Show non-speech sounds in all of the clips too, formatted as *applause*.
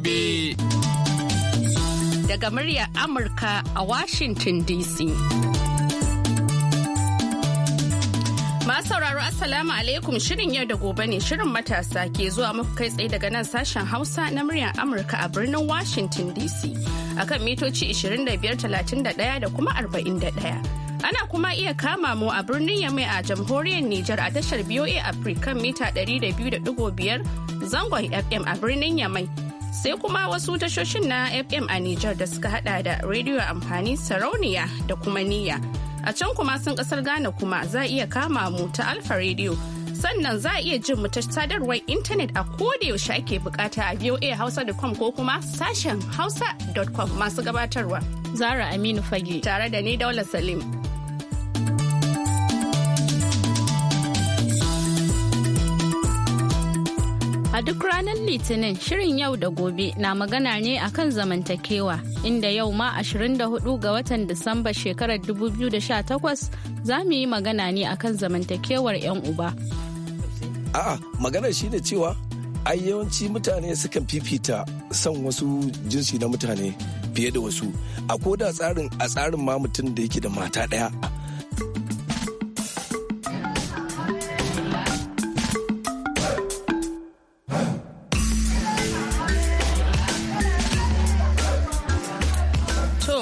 gobe. Daga muryar Amurka a Washington DC. Masu sauraro Assalamu alaikum shirin yau da gobe ne shirin matasa ke zuwa muku kai tsaye daga nan sashen Hausa na muryar Amurka a birnin Washington DC akan mitoci 2531 da kuma 41. Ana kuma iya kama mu a birnin Yamai a jamhuriyar Nijar a tashar BOA Africa mita 200.5 zangon FM a birnin Yamai. sai kuma wasu tashoshin na fm a Nijar da suka hada da rediyo amfani sarauniya da kuma niyya a can kuma sun kasar ghana kuma za iya kama mu ta alfa rediyo sannan za a iya jin mu ta sadarwar intanet a yaushe ake bukata a voa hausa.com ko kuma sashen hausa.com masu gabatarwa zara aminu fage tare da ni daular salim A duk ranar Litinin shirin yau da gobe na magana ne akan zamantakewa inda yau ma 24 ga watan Disamba shekarar 2018 za mu yi magana ne akan zamantakewar 'yan uba. A'a maganar shi da cewa ai yawanci mutane sukan fifita son wasu jinsi na mutane fiye da wasu. A koda tsarin a tsarin ma mutum da yake da mata ɗaya.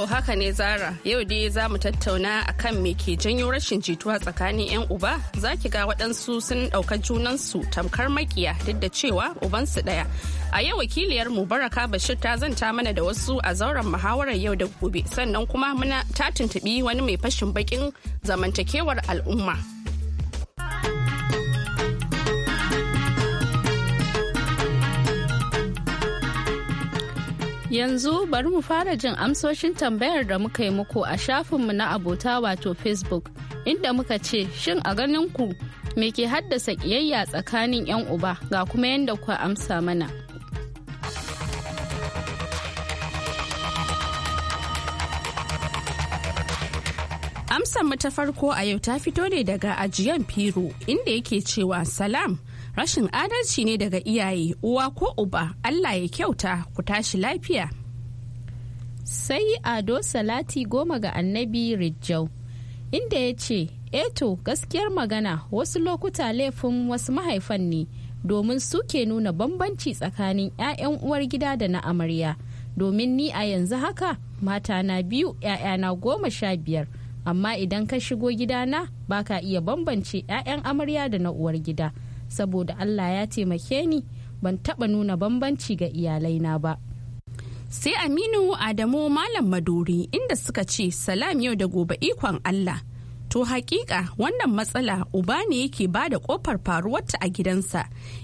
haka ne Zara, yau dai za mu tattauna kan me ke janyo rashin jituwa tsakanin 'yan uba, za ki ga waɗansu sun ɗauka junansu tamkar makiya duk da cewa ubansu ɗaya. A yau wakiliyar mu Baraka Bashir ta zanta mana da wasu a zauren muhawarar yau da gobe, sannan kuma muna ta tuntuɓi wani mai fashin baƙin zamantakewar al'umma. Yanzu bari mu fara jin amsoshin tambayar da muka yi muku a shafinmu na abota wato Facebook, inda muka ce, Shin a ganin ku me ke haddasa kiyayya tsakanin 'yan uba ga kuma yadda ku amsa mana. Amsar mu ta farko a yau ta fito ne daga ajiyan Firo inda yake cewa salam rashin adalci ne daga iyaye uwa ko uba allah ya kyauta ku tashi lafiya sai ado salati goma ga annabi rijau inda ya ce eto eh gaskiyar magana wasu lokuta laifin wasu mahaifan ne domin suke nuna bambanci tsakanin 'ya'yan uwar gida da na amarya domin ni a yanzu haka mata na biyu 'ya'yana goma sha biyar amma idan ka shigo gidana baka iya bambance 'ya'yan amarya da na uwar gida saboda Allah ya taimake ni ban taɓa nuna bambanci ga iyalaina ba. Sai Aminu Adamu Malam Maduri inda suka ce salam yau da gobe ikon Allah. To hakika wannan matsala uba ne yake ba da kofar faruwarta a gidansa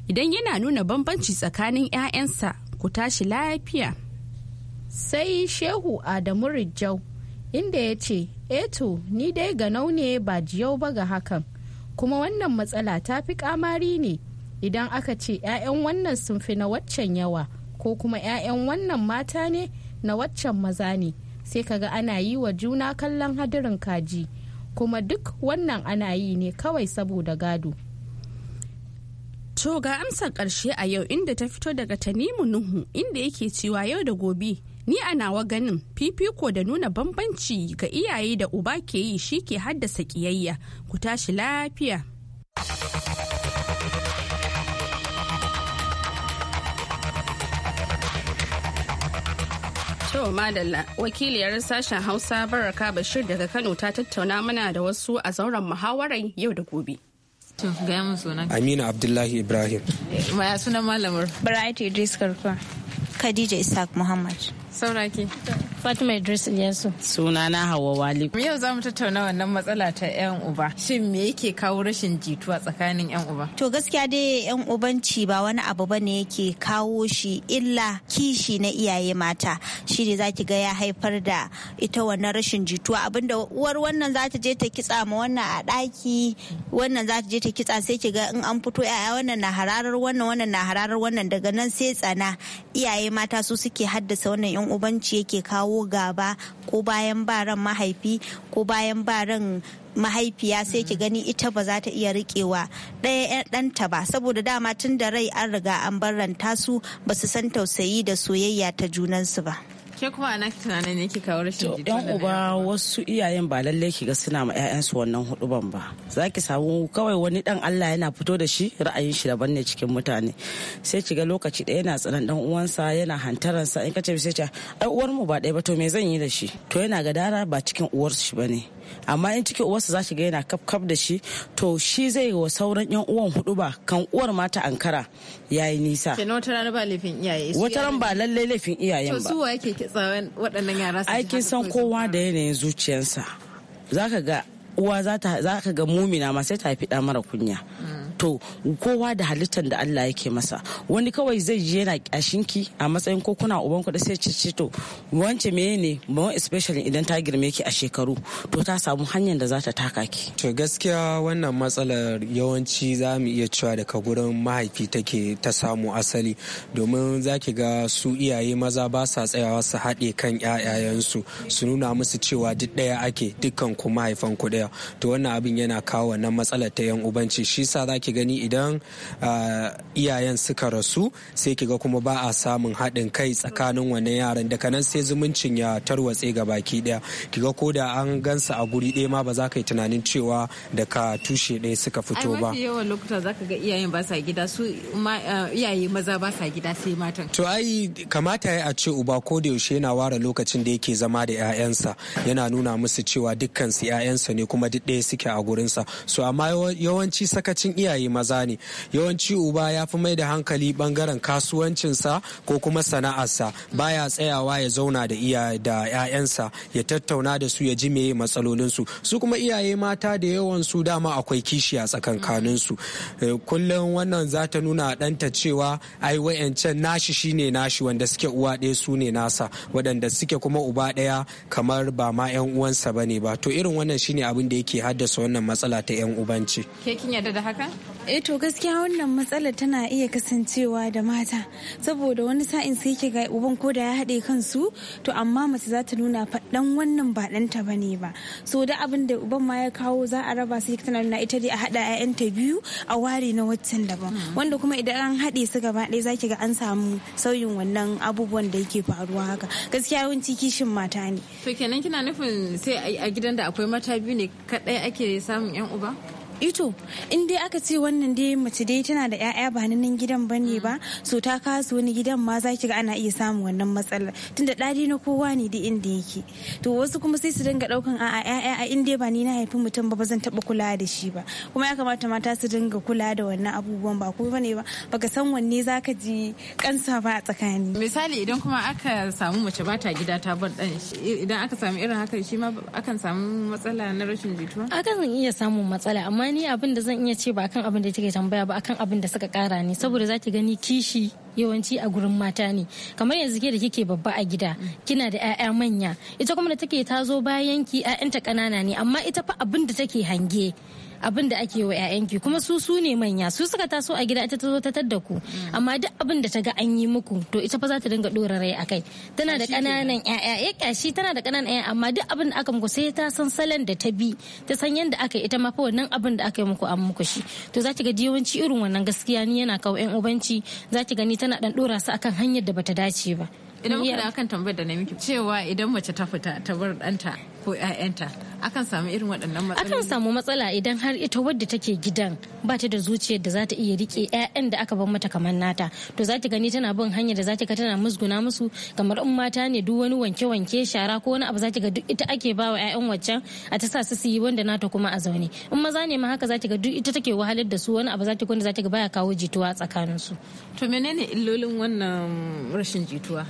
idan yana nuna bambanci tsakanin 'ya'yansa ku tashi lafiya. Sai Shehu Adamu Rijau inda ya ce, Eto, eh ni dai ganau ne ba jiyau ba ga hakan. kuma wannan matsala ta fi kamari ne idan aka ce 'ya'yan wannan sun fi na waccan yawa ko kuma 'ya'yan wannan mata ne na waccan maza ne sai kaga ana yi wa juna kallon hadirin kaji kuma duk wannan ana yi ne kawai saboda gado to ga amsar ƙarshe a yau inda ta fito daga tanimu nuhu inda yake cewa yau da gobe ni a nawa ganin fifiko da nuna bambanci ga iyaye da uba ke yi shi ke haddasa kiyayya ku tashi lafiya To Madalla, wakiliyar sashen Hausa Baraka Bashir daga Kano ta tattauna mana da wasu a zauren muhawarar yau da gobe. Amina Abdullahi Ibrahim. Maya sunan malamar? Bright Idris Karfa. Khadija Isaac Muhammad. sauraki fatima idris ilyasu suna na hawa wali yau za mu tattauna wannan matsala ta yan uba shin me yake kawo rashin jituwa tsakanin yan uba to gaskiya dai yan ubanci ba wani abu ba ne yake kawo shi illa kishi na iyaye mata shi ne zaki ga ya haifar da ita wannan rashin jituwa abinda uwar wannan za ta je ta kitsa ma wannan a ɗaki wannan za ta je ta kitsa sai ki ga in an fito yaya wannan na hararar wannan wannan na hararar wannan daga nan sai tsana iyaye mata su suke haddasa wannan yan wannan ubanci yake kawo gaba ko bayan baran mahaifi ko bayan baran mahaifiya sai ki gani ita ba za ta iya riƙewa ɗaya ɗanta ba saboda dama tun da rai an riga an barranta su ba su san tausayi da soyayya ta junansu ba. ke kuma ana tunanin ne kika rashin jituwa yan uba wasu iyayen ba lallai ki ga suna ma su wannan hudu ban ba za ki samu kawai wani dan Allah yana fito da shi ra'ayin shi daban ne cikin mutane sai ki ga lokaci ɗaya yana tsanan dan uwansa yana hantaransa in ka ce sai ce ai uwar mu ba ɗaya ba to me zan yi da shi to yana gadara ba cikin uwar shi bane amma in cikin uwarsa za shi ga yana kafkaf da shi to shi zai wa sauran yan uwan hudu ba kan uwar mata ankara yayi nisa wata rana ba laifin iyaye ran ba lalle laifin iyayen ba to su wa yake kitsa waɗannan yara su aikin san kowa da yanayin zuciyarsa zaka ga uwa za ka ga mumina ma sai ta fi da mara kunya mm. to kowa da halittar da Allah yake masa wani kawai zai je yana ki a matsayin ko kuna uban ku da sai ce ce to wance menene ne ba especially idan ta girme ki a shekaru to ta samu hanyar da za ta taka ki to gaskiya wannan matsalar yawanci za mu iya cewa daga gurin mahaifi take ta samu asali domin za ki ga su iyaye maza ba sa tsayawa su haɗe kan 'ya'yayensu su nuna musu cewa duk ɗaya ake dukkan ku mahaifan ku ɗaya to wannan abin yana kawo wannan matsalar ta yan ubanci shi sa za ki gani idan ah, iyayen suka rasu sai ki ga kuma ba a samun haɗin kai tsakanin wani yaran daga nan sai zumuncin ya tarwatse ga baki ɗaya ki ga ko da an gansa a guri ɗaya ma ba za ka yi tunanin cewa daga tushe ɗaya suka fito ba. Ai yawan lokuta za ka ga iyayen ba sa gida su ah, iyaye maza ba sa gida sai matan. To ai kamata ya a ce uba ko da yaushe yana ware lokacin da yake zama da 'ya'yansa yana nuna musu cewa dukkan su 'ya'yansa ne kuma duk ɗaya suke a gurinsa. So amma yawanci sakacin iyaye iyaye maza ne yawanci uba ya fi mai da hankali bangaren kasuwancinsa ko kuma sana'arsa baya tsayawa ya zauna da iya da 'ya'yansa ya tattauna da su ya ji meye matsalolinsu su kuma iyaye mata da yawan su dama akwai kishi a su eh, kullum wannan za ta nuna ɗanta cewa ai wayancan nashi shine nashi wanda suke uwa ɗaya su ne nasa waɗanda suke kuma uba ɗaya kamar ba ma 'yan uwansa ba ne ba to irin wannan shine abin da yake haddasa wannan matsala ta 'yan ubanci ke kin yarda da haka eh to gaskiya wannan matsala tana iya kasancewa da mata saboda wani sa'in sai ke ga uban ko da ya haɗe kansu to amma mace za ta nuna faɗan wannan ba ɗanta ba ne ba so da abin da uban ma ya kawo za a raba sai tana nuna ita dai a haɗa ta biyu a ware na waccan daban hmm. wanda kuma idan an haɗe su gaba ɗaya za ki ga an samu sauyin wannan abubuwan da yake faruwa haka gaskiya yawanci kishin mata ne to kenan kina nufin sai a gidan da akwai mata biyu ne kaɗai ake samun 'yan uba ito eh in dai aka ce wannan dai mace dai tana da 'ya'ya ba nan gidan ba ne ba so ta kasu wani gidan ma za ki ga ana iya samun wannan matsala tunda ɗari na kowa ne dai inda yake to wasu kuma sai su dinga ɗaukan a'a 'ya'ya a dai ba ni na haifi mutum ba ba zan taɓa kula da shi ba kuma ya kamata mata su dinga kula da wannan abubuwan ba kuma ne ba baka san wanne za ka ji kansa ba a tsakani misali idan kuma aka samu mace ba ta gida ta bar ɗan idan aka samu irin haka shi ma akan samu matsala na rashin jituwa akan iya samun matsala amma amma ni abin da zan iya ce ba akan abin da take tambaya ba akan abin da suka kara ne saboda zaki gani kishi yawanci a gurin mata ne kamar yanzu ke da kike babba a gida kina da 'ya'ya manya ita kuma da take tazo bayan ki 'ya'yanta ƙanana ne amma ita fa abin da take hange abin da ake wa 'ya'yanki kuma su su ne manya su suka taso a gida ita ta zo ta tadda ku mm. amma duk abin da ta ga an yi muku to ita fa za ta dinga dora rai akai eh, tana da kananan 'ya'ya ya kashi tana da kananan 'ya'ya amma duk abin da aka muku sai ta san salon da ta bi ta san yadda aka ita ma fa wannan abin da aka yi muku an muku shi to za ki ga yawanci irin wannan gaskiya ni yana kawo 'yan ubanci za ki gani tana dan dora su akan hanyar da bata dace ba idan muka da kan tambayar da na miki cewa idan mace ta fita ta bar danta ko 'ya'yanta akan samu irin waɗannan matsala akan samu matsala idan har ita wadda take gidan ba ta da zuciyar da za ta iya rike 'ya'yan da aka bar mata kamar nata to za ta gani tana bin hanyar da za ta ga tana musguna musu kamar in mata ne duk wani wanke wanke shara ko wani abu za ta ga duk ita ake ba wa 'ya'yan waccan a ta sa su su yi wanda nata kuma a zaune in maza ne ma haka za ta ga duk ita take wahalar da su wani abu za ta wanda za ta ga baya kawo jituwa tsakanin su to menene illolin wannan rashin jituwa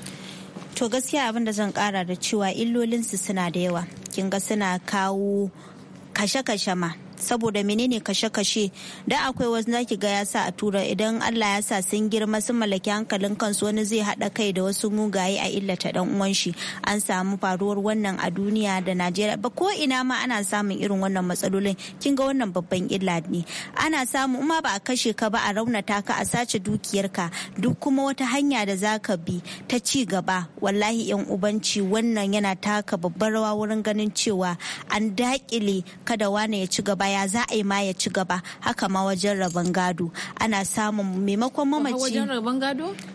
to gaskiya abin da zan kara da cewa illolinsu suna da yawa kin ga suna kawo kashe-kashe ma saboda menene kashe-kashe da akwai wasu zaki ki ga ya sa a tura idan Allah ya sa sun girma sun mallaki hankalin kansu wani zai haɗa kai da wasu mugaye a illata dan uwan shi an samu faruwar wannan a duniya da Najeriya ba ko ina ma ana samun irin wannan matsalolin kin ga wannan babban illa ne ana samu ma ba a kashe ka ba a raunata ka a sace dukiyar ka duk kuma wata hanya da za ka bi ta ci gaba wallahi yan ubanci wannan yana taka babbar rawa wurin ganin cewa an dakile kada wani ya ci gaba yaya za a yi ma ya ci gaba haka ma wajen rabon gado ana samun maimakon mamaci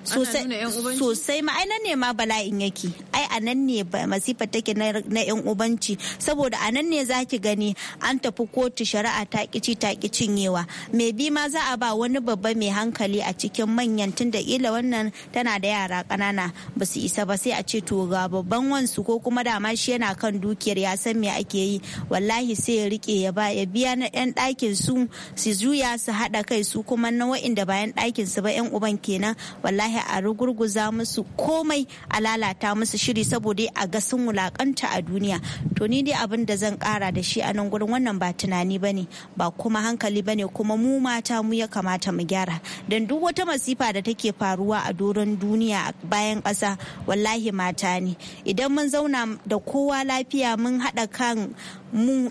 sosai ma'aina ne ma bala'in yake ai a nan ne masifa take na yan ubanci saboda a nan ne zaki gani an tafi kotu shari'a ta kici ta cinyewa me bi ma za a ba wani babba mai hankali a cikin manyan tunda ila wannan tana da yara kanana ba su isa ba sai a ce to ga babban wansu ko kuma dama shi yana kan dukiyar ya san me ake yi wallahi sai ya rike ya ba ya biya na yan ɗakin su su juya su haɗa kai su kuma na wa'inda bayan ɗakin su ba yan uban kenan wallahi a rugurguza musu komai a lalata musu shiri saboda a ga sun wulakanta a duniya to ni dai abin da zan kara da shi a nan gurin wannan ba tunani ba ne ba kuma hankali ba ne kuma mu mata mu ya kamata mu gyara don duk wata masifa da take faruwa a doron duniya bayan ƙasa wallahi mata ne idan mun zauna da kowa lafiya mun haɗa kan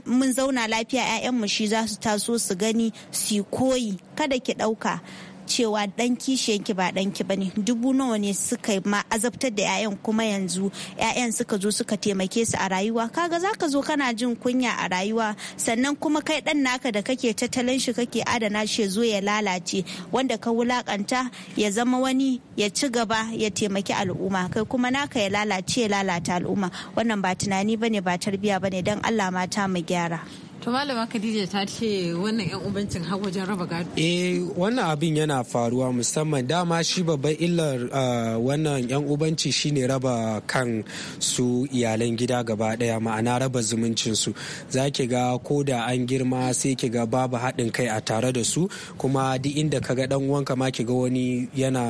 mun zauna lafiya mu shi za su taso su gani su koyi kada ki ɗauka cewa dan kishiyanki ba danki bane dubu nawa ne suka ma azabtar da 'ya'yan kuma yanzu 'ya'yan suka zo suka taimake su a rayuwa kaga zaka zo kana jin kunya a rayuwa sannan kuma kai dan naka da kake tattalin shi kake adana shi zo ya lalace wanda ka wulakanta ya zama wani ya ci gaba ya taimaki al'umma kai kuma naka ya lalace ya lalata al'umma wannan ba tunani bane ba tarbiya bane dan Allah mata mu gyara To malama Khadija ta ce wannan 'yan ubancin har wajen raba gado. Eh wannan abin yana faruwa musamman dama shi babban illar ah, wannan 'yan ubanci shine raba kan su iyalan gida gaba daya ma'ana raba zumuncin su. Za ki ga ko da an girma sai ki ga babu haɗin kai a tare da su kuma duk inda ka ga dan ka ma ki ga wani yana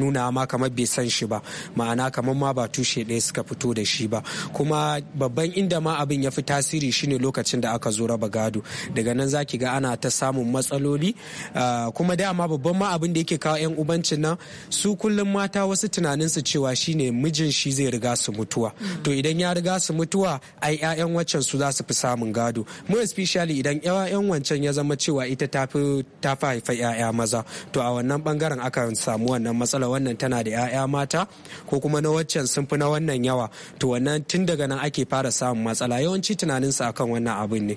nuna ma kamar bai san shi ba ma'ana kamar ma ba tushe ɗaya suka fito da shi ba kuma babban inda ma abin ya fi tasiri shine lokacin da aka zo zo raba gado daga nan za ki ga ana ta samun matsaloli ah, kuma dama babban ma abin da yake kawo 'yan ubancin nan su kullum mata wasu tunanin su cewa shine mijin shi zai riga su mutuwa to idan ya riga su mutuwa ai 'ya'yan waccan su za su fi samun gado mu especially idan 'ya'yan wancan ya zama cewa ita ta fi haifa 'ya'ya maza to a wannan bangaren aka samu wannan matsala wannan tana da 'ya'ya mata ko kuma na waccan sun fi na wannan yawa to wannan tun daga nan ake fara samun matsala yawanci tunaninsu akan wannan abin ne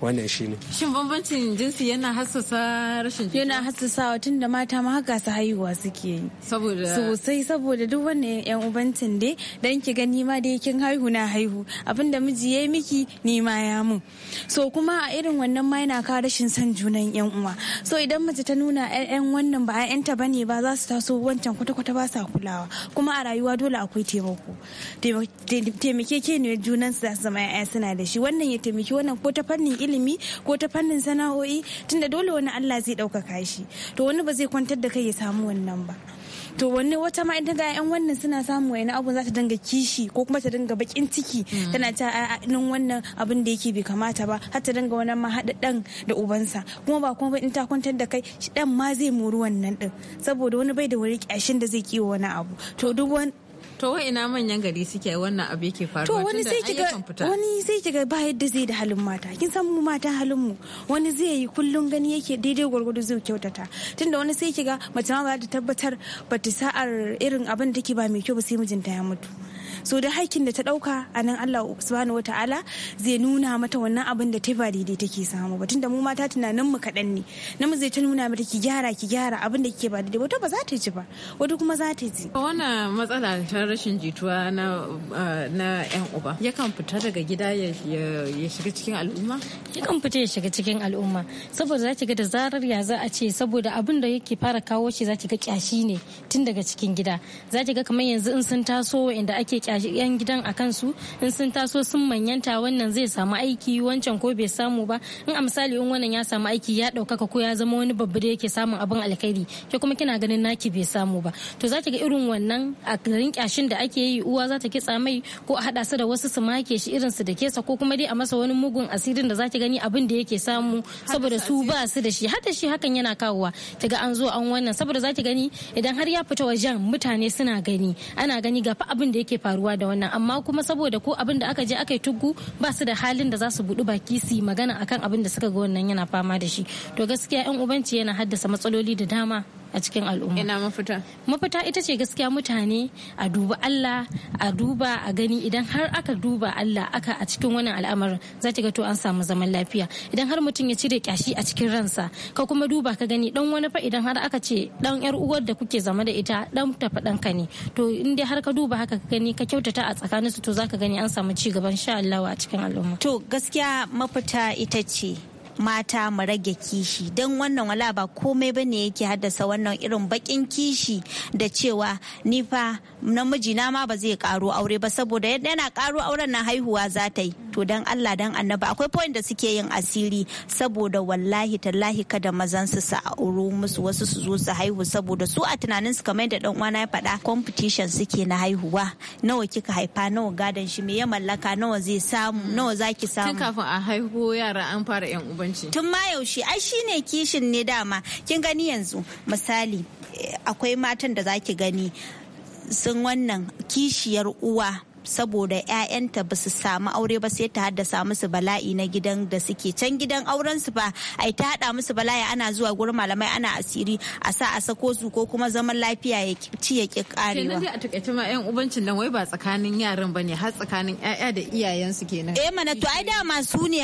wannan ne. shin bambancin jinsi yana hassasa rashin yana hassasawa tun da mata ma haka su haihuwa suke yi saboda sosai saboda duk wannan yan ubancin dai dan ki gani ma dai kin haihu na haihu abinda miji yi miki ni ya mu so kuma a irin wannan ma yana kawo rashin son junan yan uwa so idan mace ta nuna yan wannan ba ta ne ba za su taso wancan kwata-kwata ba sa kulawa kuma a rayuwa dole akwai taimako taimake ke ne junan su za su zama 'ya'ya suna da shi wannan ya taimaki wannan ko ta fannin ilimi ko ta fannin sana'o'i tunda dole wani Allah zai ɗaukaka shi to wani ba zai kwantar da kai ya samu wannan ba to wani wata ma idan ga yan wannan suna samu wani abu za ta dinga kishi ko kuma ta dinga bakin ciki mm. tana ta nan wannan abin da yake bai kamata ba har ta dinga wannan ma hada dan da ubansa kuma ba kuma in ta kwantar da kai shi dan ma zai mori wannan din saboda wani bai da wani kyashin da zai kiwo wani abu to duk wani to wai ina manyan gari suke wannan abu yake faruwa to wani sai kiga wani sai kiga ba yadda zai da halin mata kin san mu mata halin mu wani zai yi kullun gani yake daidai gurgudu zai kyautata tunda wani sai kiga mace ma ba ta tabbatar bata ta sa'ar irin abin da take ba mai kyau ba sai mijinta ya mutu so da haikin da ta dauka a nan Allah subhanahu wa ta'ala zai nuna mata wannan abin da ta ba daidai take samu ba tunda mu mata tunanin mu kaɗan ne namu zai ta nuna mata ki gyara ki gyara abin da kike ba daidai wata ba za ta ji ba wata kuma za ta ji wannan matsala ta rashin jituwa na na yan uba yakan fita daga gida ya shiga cikin al'umma yakan fita ya shiga cikin al'umma saboda za ki ga da zarar ya za a ce saboda abin da yake fara kawo shi za ki ga kyashi ne tun daga cikin gida za ki ga kamar yanzu in sun taso inda ake yan gidan a kansu in sun taso sun manyanta wannan zai samu aiki wancan ko bai samu ba in a misali in wannan ya samu aiki ya ɗaukaka ko ya zama wani babba da yake samun abin alkhairi ke kuma kina ganin naki bai samu ba to za ta ga irin wannan a garin kyashin da ake yi uwa za ta kitsa mai ko a haɗa su da wasu su make shi irin su da kesa ko kuma dai a masa wani mugun asirin da za ki gani abin da yake samu saboda su ba su da shi hata shi hakan yana kawowa kiga an zo an wannan saboda za ki gani idan har ya fita wajen mutane suna gani ana gani ga fa abin da yake faru. faruwa da wannan amma kuma saboda ko abin da aka je aka yi tuggu ba su da halin da za su budu baki su magana akan abin da suka ga wannan yana fama da shi to gaskiya yan ubanci yana haddasa matsaloli da dama a cikin al'umma ina mafita mafita ita ce gaskiya mutane a duba Allah a duba a gani idan har aka duba Allah aka a cikin wannan al'amarin za ki ga to an samu zaman lafiya idan har mutum ya cire kyashi a cikin ransa ka kuma duba ka gani dan wani fa idan har aka ce dan yar uwar da kuke zama da ita dan tafa dan ka ne to in dai har ka duba haka ka gani ka kyautata a tsakaninsu to za ka gani an samu ci gaban sha Allah a cikin al'umma to gaskiya mafita ita ce mata mu rage kishi don wannan wala ba komai ne yake haddasa wannan irin bakin kishi da cewa nifa fa namiji na ma ba zai karo aure ba saboda yadda yana karo auren na haihuwa za ta yi to dan Allah dan annaba akwai point da suke yin asiri saboda wallahi tallahi kada mazan su sa auro musu wasu su zo su haihu saboda su a tunanin su kamar da dan na ya faɗa competition suke na haihuwa nawa kika haifa nawa gadon shi me ya mallaka nawa zai samu nawa zaki samu tun kafin a haihu yara an fara yan bambanci tun ma yaushe ai shine kishin ne dama kin gani yanzu misali eh, akwai matan da zaki gani sun wannan kishiyar uwa saboda 'ya'yanta ba su samu aure ba sai ta haddasa musu bala'i na gidan da suke can gidan auren su ba ai ta hada musu bala'i ana zuwa gurin malamai ana asiri a sa a sako su ko kuma zaman lafiya ya ci ya ki karewa kenan a takaice ma ƴan ubancin nan wai ba tsakanin yaran bane har tsakanin ƴaƴa da iyayen su kenan eh mana to ai dama su ne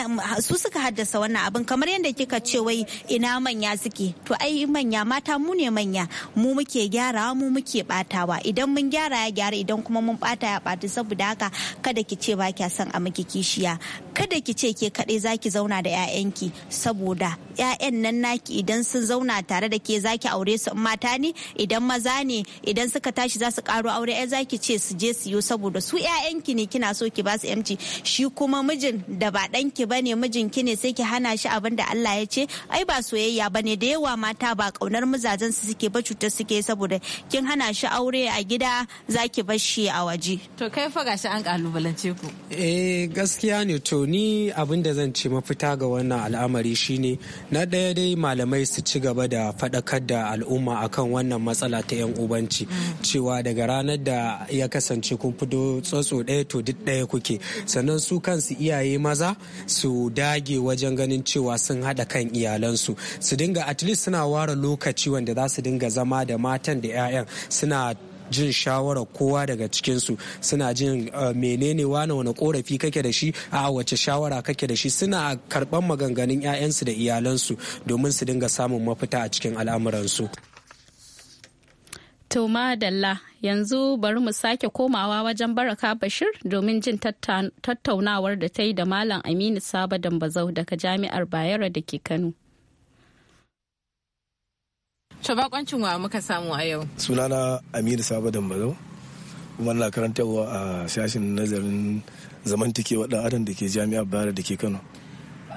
su suka haddasa wannan abin kamar yadda kika ce wai ina manya suke to ai manya mata mu ne manya mu muke gyara mu muke batawa idan mun gyara ya gyara idan kuma mun bata ya bata saboda haka kada ki ce ba kya son a miki kishiya kada ki ce ke kaɗai zaki zauna da 'ya'yanki saboda 'ya'yan nan naki idan sun zauna tare da ke zaki aure su in mata ne idan maza ne idan suka tashi za su karo aure ai ki ce su je su yi saboda su 'ya'yanki ne kina so ki ba su yamci shi kuma mijin da ba ɗanki ba ne mijinki ne sai ki hana shi abin da Allah ya ce ai ba soyayya ba ne da yawa mata ba kaunar mazajen su suke ba cutar suke saboda kin hana shi aure a gida zaki bar shi a waje. To kai fa gashi an kalubalance ku. Eh gaskiya ne to ni abin da zan ce mafita ga wannan al'amari shine na ɗaya dai malamai su ci gaba da faɗakar da al'umma akan wannan matsala ta yan ubanci mm. cewa daga ranar da ya kasance kun fito tsotso ɗaya to duk ɗaya kuke sannan su kansu iyaye maza su dage wajen ganin cewa sun haɗa kan iyalansu su dinga at least suna ware lokaci wanda za su dinga zama da matan da 'ya'yan suna jin shawarar kowa daga cikinsu suna jin eh, menene wane wani korafi kake da shi a wace shawara kake da shi suna karban maganganun 'ya'yansu da iyalansu domin su dinga samun mafita a cikin al'amuransu Toma Dalla yanzu bari mu sake komawa wajen Baraka Bashir domin jin tattaunawar da ta yi da Malam Aminu Saba Dambazau daga Jami'ar Bayero da ke Kano. To bakoncin wa muka samu a yau. Sunana Aminu Sabo dambazo kuma na karantarwa a sashen nazarin zamantakewa ɗan adam da ke jami'a Bayar da ke Kano.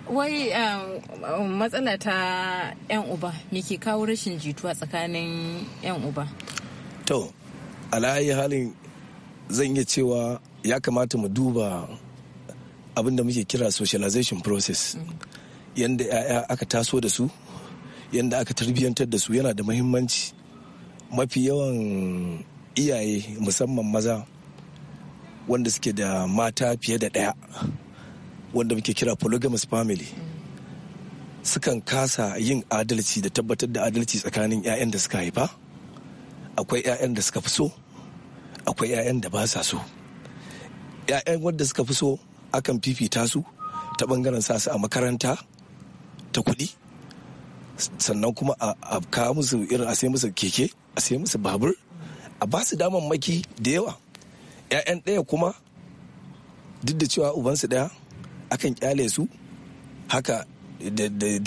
Wai um, um, matsala ta 'yan uba, me ke kawo rashin jituwa tsakanin 'yan uba? To, alayi halin zan iya cewa ya kamata mu duba abin da muke kira socialization process. Mm. Yanda 'ya'ya aka taso da su, yadda aka tarbiyyantar da su yana da muhimmanci mafi yawan iyaye musamman maza wanda suke da mata fiye da ɗaya wanda muke kira polygamous family sukan kasa yin adalci da tabbatar da adalci tsakanin 'ya'yan da suka haifa akwai 'ya'yan da suka fi so akwai 'ya'yan da ba sa so 'ya'yan wanda suka fi so akan fifita su ta bangaren sa su a makaranta ta kuɗi sannan kuma a kawo musu irin a sai musu keke a sai musu babur a ba su damammaki da yawa 'ya'yan ɗaya kuma duk da cewa ubansu ɗaya akan kyale su haka da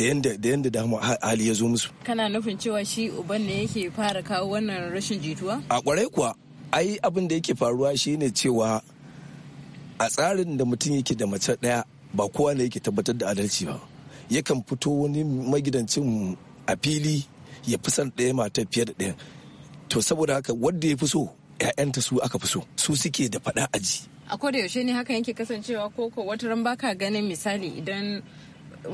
yadda damu hali ya zo musu. Kana nufin cewa shi uban ne yake fara kawo wannan rashin jituwa? A kwarai kuwa, ai abin da yake faruwa shine cewa a tsarin da mutum yake da mace ɗaya ba kowa ne yake tabbatar da adalci ba. yakan fito wani magidancin a fili ya fi son ɗaya matar fiye da ɗaya to saboda haka wanda ya fi so ƴaƴanta su aka fi so su suke da faɗa aji a ko da yaushe ne haka yake kasancewa ko ko wata ran baka ganin misali idan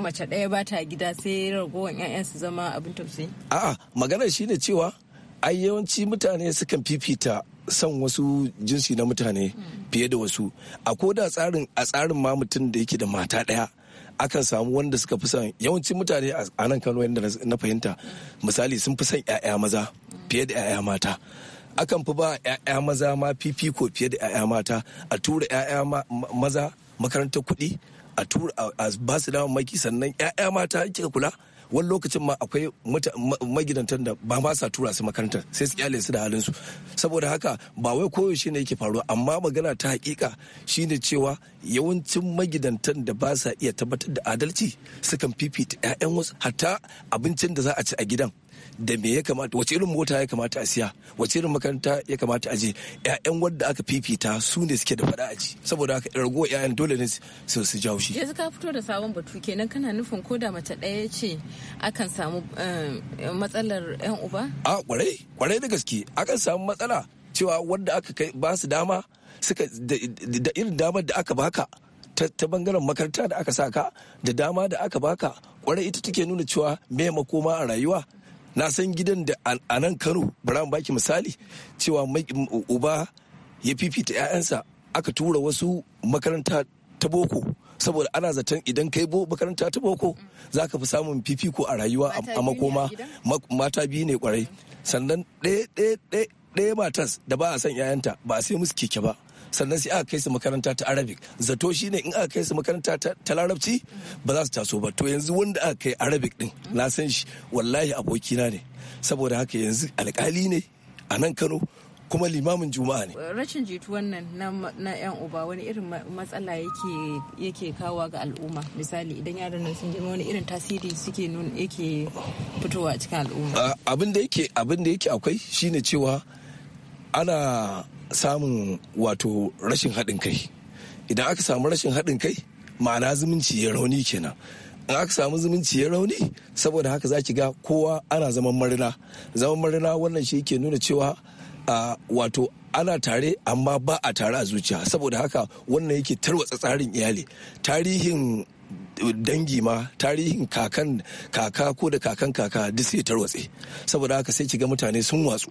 mace ɗaya ba ta gida sai ragowar ƴaƴan su zama abin tausayi a'a magana shine cewa ai yawanci mutane sukan fifita san wasu jinsi na mutane hmm. fiye da wasu a ko da tsarin a tsarin ma mutum da yake da mata ɗaya akan samu wanda suka fi son yawancin mutane a nan kano yadda na fahimta misali sun fi son 'ya'ya maza fiye da 'ya'ya mata akan fi ba 'ya'ya maza ma fifiko fiye da 'ya'ya mata a tura 'ya'ya maza makarantar kuɗi a tura a ba su maki sannan 'ya'ya mata kika kula wani lokacin ma akwai magidantan da ba ma sa tura su makarantar sai su kyale su da halin su saboda haka ba wai koyaushe ne yake faruwa amma magana ta hakika shine cewa yawancin magidantan da ba sa iya tabbatar da adalci sukan fifita 'ya'yan wasu hatta abincin da za a ci a gidan da me ya kamata wace irin mota ya kamata a siya wace irin makaranta ya kamata a je ƴaƴan wanda aka fifita su ne suke da faɗa a ji saboda haka ragowa ƴaƴan dole ne su su jawo shi yanzu ka fito da sabon batu kenan kana nufin ko da mace ɗaya ce akan samu eh, matsalar ƴan uba a kwarai kwarai da gaske akan samu matsala cewa wanda aka kai ba su dama suka da irin damar da aka baka ta bangaren makaranta da aka saka da dama da aka baka kwarai ita take nuna cewa me makoma a rayuwa na san gidan da a nan kano bara baki misali cewa uba ya fifita 'ya'yansa aka tura wasu makaranta ta boko saboda ana zaton idan kai bo makaranta ta boko za ka fi samun fifiko a rayuwa a makoma mata biyu ne kwarai sannan ɗaya matas da ba a son 'ya'yanta ba a sai musu keke ba sannan sai aka kai su makaranta ta arabic zato shine in aka kai su makaranta ta larabci ba za su taso ba to yanzu wanda aka kai arabic din na san shi wallahi abokina ne saboda haka yanzu alkali ne a nan kano kuma limamin juma'a ne rashin jituwan nan na yan uba wani irin matsala yake yake kawo ga al'umma misali idan yaran nan sun girma wani irin tasiri suke nuna yake fitowa cikin al'umma abin da yake abin da yake akwai shine cewa ana samun wato rashin haɗin kai idan aka samu rashin haɗin kai ma'ana zumunci ya rauni kenan in aka samu zumunci ya rauni saboda haka za ki ga kowa ana zaman marina zaman marina wannan shi ke nuna cewa wato ana tare amma ba a tare a zuciya saboda haka wannan yake tarwatsa tsarin iyali tarihin dangi ma tarihin kakan kaka ko da kakan kaka duk sai tarwatse saboda haka sai ki ga mutane sun watsu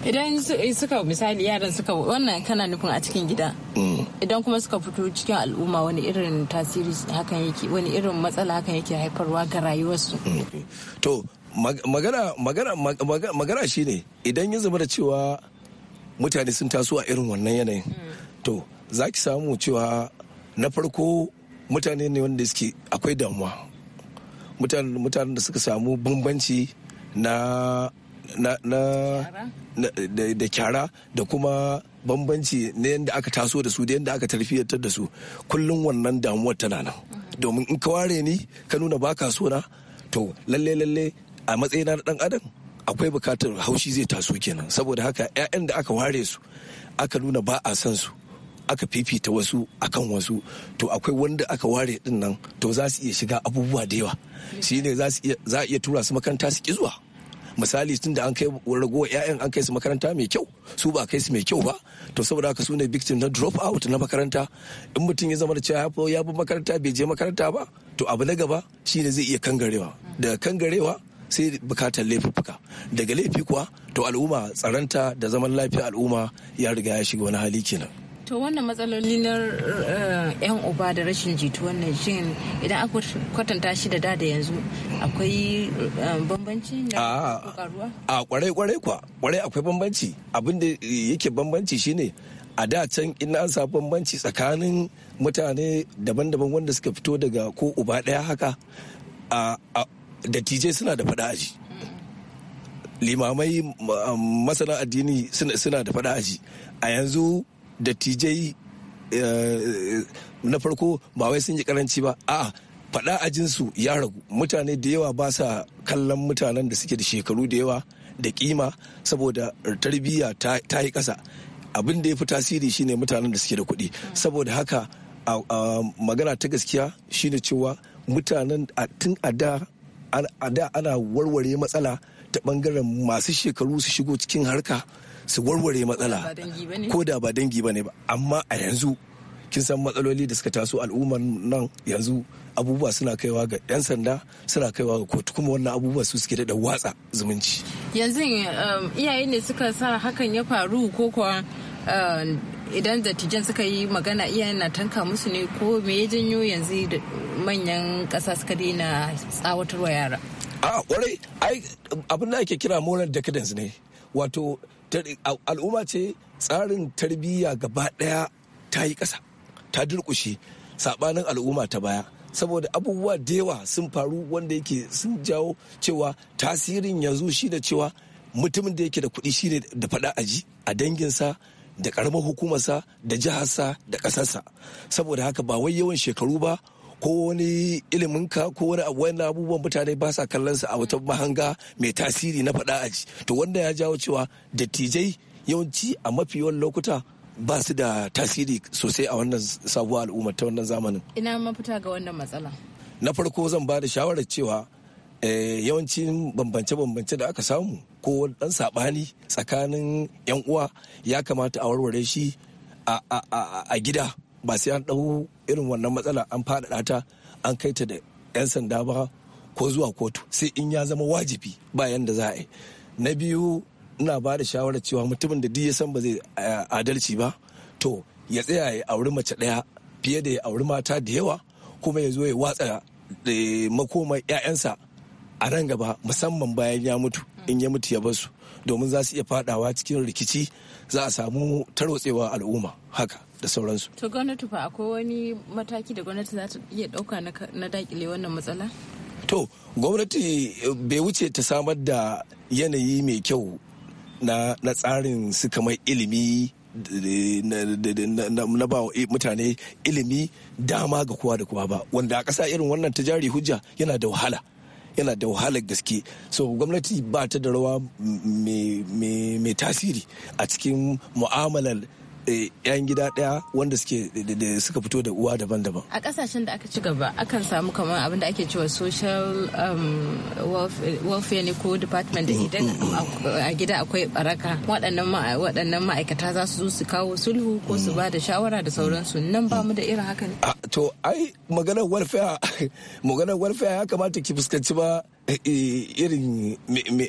idan eh, suka misali yaran suka wannan kana nufin a cikin gida mm. idan kuma suka fito cikin al'umma wani irin tasiri hakan yake wani irin matsala hakan yake haifarwa ga rayuwarsu mm. to magana magana magana shine idan ya zama da cewa mutane sun taso a irin wannan yanayin mm. to za ki samu cewa na farko mutane ne wanda suke akwai damuwa mutanen da suka samu bambanci na da kyara da kuma bambanci na yadda aka taso da su da yadda aka tarfiyyantar da su kullum wannan damuwar tana nan domin in ka ware ni ka nuna ba ka so na to lalle lalle a matsayina na dan adam akwai bukatar haushi zai taso kenan saboda haka 'ya'yan da aka ware su aka nuna ba a san su aka fifita wasu akan wasu to akwai wanda aka ware din nan to za su iya shiga abubuwa da yawa shine za su iya tura su makaranta su ki zuwa misali tun da an kai ragowa 'ya'yan an kai su makaranta mai kyau su ba kai su mai kyau ba to saboda haka su ne victim na drop out na makaranta in mutum ya zama da cewa ya bi makaranta bai je makaranta ba to abu na gaba shi ne zai iya kangarewa daga kangarewa sai bukatar laifuka daga laifi kuwa to al'umma tsaranta da zaman lafiya al'umma ya riga ya shiga wani hali kenan to wannan matsaloli na eh, yan uba da rashin jitu wannan shin idan aka kwatanta shi da da da yanzu akwai eh, bambanci na karuwa a kwarai kwarai kwa kwarai akwai bambanci abinda yake bambanci shine a da can ina an sa bambanci tsakanin mutane daban-daban wanda suka fito daga ko uba ɗaya haka dattijai suna da fada aji limamai masana addini suna da faɗa aji a yanzu dattijai eh, na farko ba wai sun yi karanci ba a'a faɗa ajinsu ya ragu mutane da yawa ba sa kallon mutanen da suke da shekaru da yawa da kima saboda tarbiyya ta yi ƙasa abin da ya fi tasiri shine mutanen da suke da kuɗi saboda haka magana ta gaskiya shine cewa mutanen tun a da ana warware matsala ta bangaren masu shekaru su shigo cikin harka su warware matsala ko da ba dangi ba ne ba amma a yanzu kin san matsaloli da suka taso al'ummar nan yanzu abubuwa suna kaiwa ga 'yan sanda suna kaiwa ga kotu kuma wannan abubuwa su suke da watsa zumunci yanzu um, iyaye ne suka sa hakan ya faru ko kuwa um, idan dattijan suka yi magana iyayen na tanka musu ne ko me ya janyo yanzu manyan kasa suka daina tsawatarwa yara a kwarai ai abin da ake kira moral decadence ne wato al'umma ce tsarin tarbiyya gaba ɗaya ta yi ƙasa ta durƙushe saɓanin al'umma ta baya saboda abubuwa da yawa sun faru wanda yake sun jawo cewa tasirin yanzu shi da cewa mutumin da yake da kuɗi shi ne da faɗa aji a danginsa da ƙaramar hukumarsa da jiharsa da ƙasarsa saboda haka ba wai yawan shekaru ba ko wani ilimin ka ko wani abu abubuwan mutane ba sa kallon su a wata mahanga mai tasiri na faɗa aji to wanda ya jawo cewa dattijai yawanci a mafi yawan lokuta ba su da tasiri sosai a wannan sabuwar al'ummar ta wannan zamanin ina mafita ga wannan matsala na farko zan ba da shawarar cewa eh, yawancin bambance-bambance da aka samu ko dan saɓani tsakanin 'yan uwa ya kamata a warware shi a gida ba sai an ɗau irin wannan matsala an faɗaɗa ta an kai ta da 'yan sanda ba ko zuwa kotu sai in ya zama wajibi bayan da za a na biyu ina ba da shawarar cewa mutumin da duk ya san ba zai eh, adalci ba to ya tsaya ya auri mace ɗaya fiye da ya auri mata da yawa kuma ya zo ya watsa da eh, makomar 'ya'yansa a ran gaba musamman bayan ya mutu in ya mutu ya basu domin za su iya fadawa cikin rikici za a samu tarotsewa al'umma haka da sauransu. To gwamnati fa akwai wani mataki da gwamnati za ta iya ɗauka na dakile wannan matsala? To gwamnati eh, bai wuce ta samar da yanayi mai kyau na tsarin su kamar ilimi eh, na ba eh, mutane ilimi dama ga kowa da kowa ba wanda a ƙasa irin wannan ta jari hujja yana da wahala. yana da wahalar gaske so gwamnati ba ta da rawa mai tasiri a cikin mu'amalar 'yan eh, gida ɗaya wanda suke da suka fito da uwa daban-daban. A kasashen da aka ci gaba akan samu kamar abin da ake cewa social um, welfare ne ko department da mm, idan mm, mm. a gida akwai baraka waɗannan ma'aikata za su zo su kawo sulhu ko su ba da shawara da sauransu nan ba mu da irin haka ne. Ah, to ai maganar welfare *laughs* maganar welfare ya kamata ki fuskanci ba eh, eh, irin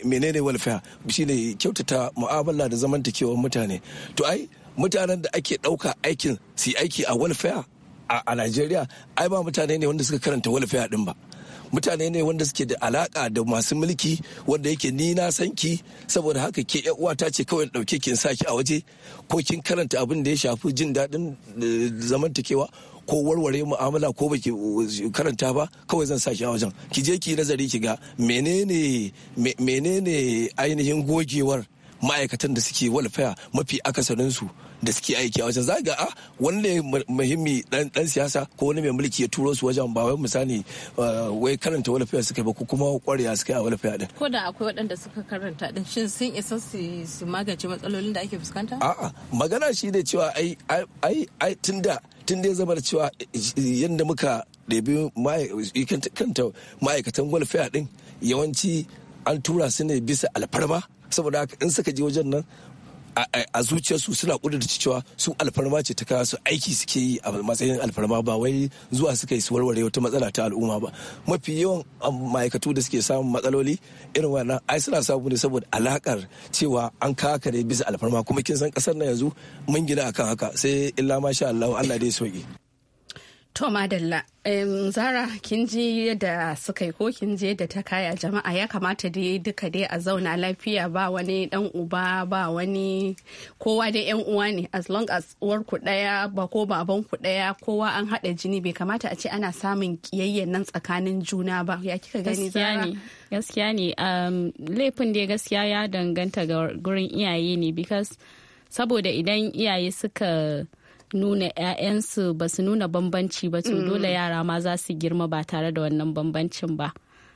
menene welfare shine kyautata mu'amala da zamantakewar mutane. To ai mutanen da ake ɗauka aikin su aiki a welfare a Najeriya ai ba mutane ne wanda suka karanta welfare din ba. Mutane ne wanda suke da alaka da masu mulki wanda yake ni na san ki saboda haka ke uwa uwata ce kawai dauke kin saki a waje ko kin karanta abin da ya shafi jin daɗin eh, zamantakewa ko warware mu'amala ko baki eh, karanta ba kawai zan saki a wajen ki je ki nazari ki ga menene menene ainihin gogewar ma'aikatan da suke walfaya mafi akasarinsu su da suke aiki a wajen zaga a ah, wani ne muhimmi dan siyasa ko wani mai mulki ya turo su wajen ba wai misali ah, wai karanta walafiya suka yi ba ko kuma kwarewa suka a walafiya din ko da akwai waɗanda suka karanta din shin sun isa su magance matsalolin da ake fuskanta a'a magana shi ne cewa ai ai ai tunda tun ya zama da cewa yadda muka ɗabi kanta ma'aikatan welfare ɗin yawanci an tura su ne bisa alfarma saboda haka in suka je wajen nan a zuciyarsu suna kudurta cewa su alfarma ce ta kawo su aiki suke yi a matsayin alfarma ba wai zuwa suka yi su warware wata matsala ta al'umma ba mafi yawan um, ma'aikatu da suke samun matsaloli irin wannan ai suna samu ne saboda alakar cewa an kaka ne bisa alfarma kuma kin san kasar na yanzu mun gina akan haka sai illa masha Allah Allah dai soki To Madalla, um, Zara kin ji yadda suka yi ko kin ji yadda ta kaya jama'a ya kamata dai duka dai a zauna lafiya ba wani dan uba ba wani kowa dai yan uwa ne as long as uwar ku daya ba ko baban ku daya kowa an hada jini bai kamata a ce ana samun kiyayyen nan tsakanin juna ba ya kika gani Zara? Gaskiya ne um, laifin dai gaskiya ya danganta ga gurin iyaye ne because saboda idan iyaye suka nuna 'ya'yansu ba su nuna bambanci ba to mm. dole yara ma za su girma ba tare da wannan bambancin ba.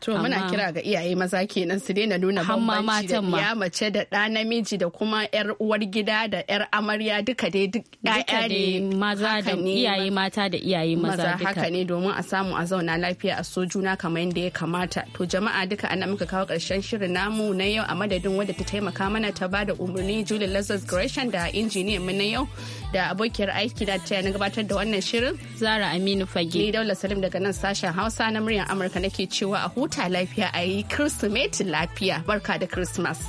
To muna kira ga iyaye maza kenan su daina nuna bambanci da ya mace da ɗa namiji da kuma yar uwar gida da yar amarya duka dai duk ɗaya ne maza da iyaye mata da iyaye maza duka. haka ne domin a samu a zauna lafiya a so juna kamar yadda ya kamata. To jama'a duka ana muka kawo ƙarshen shirin namu na yau a madadin wadda ta taimaka mana ta bada umarni Julie Lazarus Gresham da injiniyan mu na yau da abokiyar aiki da ta na gabatar da wannan shirin. Zara Aminu Fage. Ni Daula Salim daga nan sashen Hausa na muryar Amurka nake cewa a huta huta lafiya a yi kirsimeti lafiya barka da christmas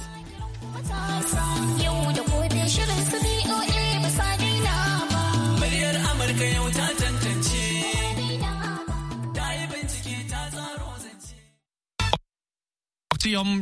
yau da gobe shirin amurka ta